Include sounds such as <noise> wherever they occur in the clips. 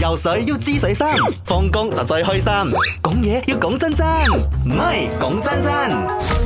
游水要知水深，放工就最開心。講嘢要講真真，唔係講真真。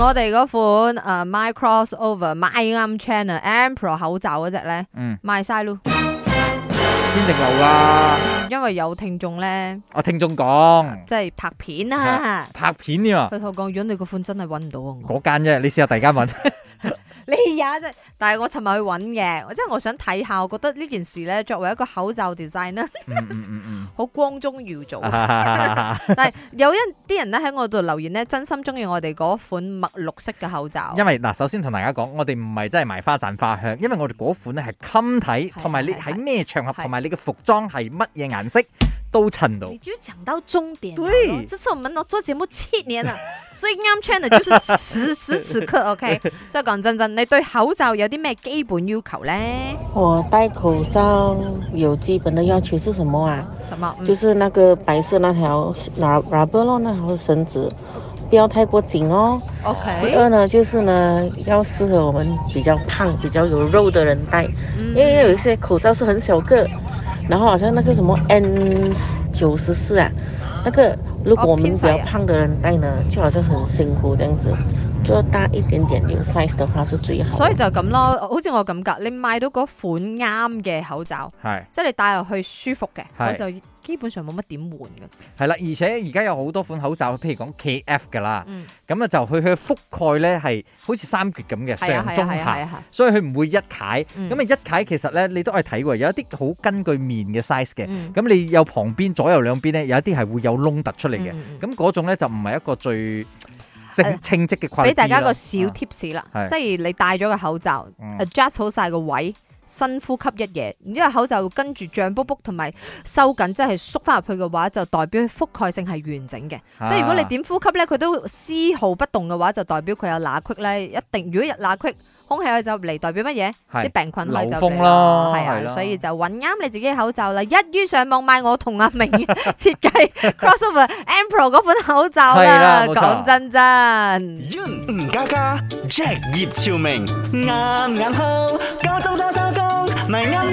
我哋嗰款誒，My Crossover My Arm Channel Emperor 口罩嗰隻咧，賣晒咯。先食牛啦，因為有聽眾咧。我聽眾講，即係拍片啊，拍片添啊。佢同我講，如果你個款真係搵唔到啊，嗰間啫，你試下第二間搵。你呀，啊，但係我尋日去揾嘅我即係我想睇下，我覺得呢件事咧，作為一個口罩 design 咧，嗯，嗯嗯嗯，好 <laughs> 光宗耀祖 <laughs> <laughs> 但係有一啲人咧喺我度留言咧，真心中意我哋嗰款墨綠色嘅口罩。因為嗱，首先同大家講，我哋唔係真係賣花贊花香，因為我哋嗰款咧係襟睇，同埋你喺咩場合，同埋你嘅服裝係乜嘢顏色。 <laughs> 都趁到，你就講到重點。對，這次我們都做節目七年了，所以安全的就是此時此刻。OK，所以講真真，你對口罩有啲咩基本要求呢？我戴口罩有基本的要求是什麼啊？什麼？嗯、就是那個白色那條拉拉布咯，那條繩子，不要太過緊哦。OK。第二呢，就是呢，要適合我們比較胖、比較有肉的人戴，嗯、因為有一些口罩是很小個。然後好像那個什麼 N 九十四啊，那個如果我們比較胖的人戴呢，就好像很辛苦這樣子，就要大一點點，用 size 的話是最好。所以就咁咯，好似我噉㗎，你買到嗰款啱嘅口罩，係，Hi. 即係你戴落去舒服嘅，Hi. 就。基本上冇乜點換嘅，係啦，而且而家有好多款口罩，譬如講 KF 噶啦，咁啊就佢佢覆蓋咧係好似三疊咁嘅上中下，所以佢唔會一解。咁啊一解其實咧你都可以睇過，有一啲好根據面嘅 size 嘅，咁你有旁邊左右兩邊咧有一啲係會有窿突出嚟嘅，咁嗰種咧就唔係一個最正稱職嘅規範。俾大家個小 tips 啦，即係你戴咗個口罩 adjust 好晒個位。深呼吸一嘢，因為口罩跟住脹卜卜同埋收緊，即係縮翻入去嘅話，就代表佢覆蓋性係完整嘅。即係如果你點呼吸咧，佢都絲毫不動嘅話，就代表佢有罅隙咧。一定如果有罅隙，空氣可以入嚟，代表乜嘢？啲病菌可以入嚟咯。係啊，所以就揾啱你自己嘅口罩啦。一於上網買我同阿明設計 Crossover Emperor 嗰款口罩啦。講真真，吳家嘉、Jack、葉朝明、晏晏康。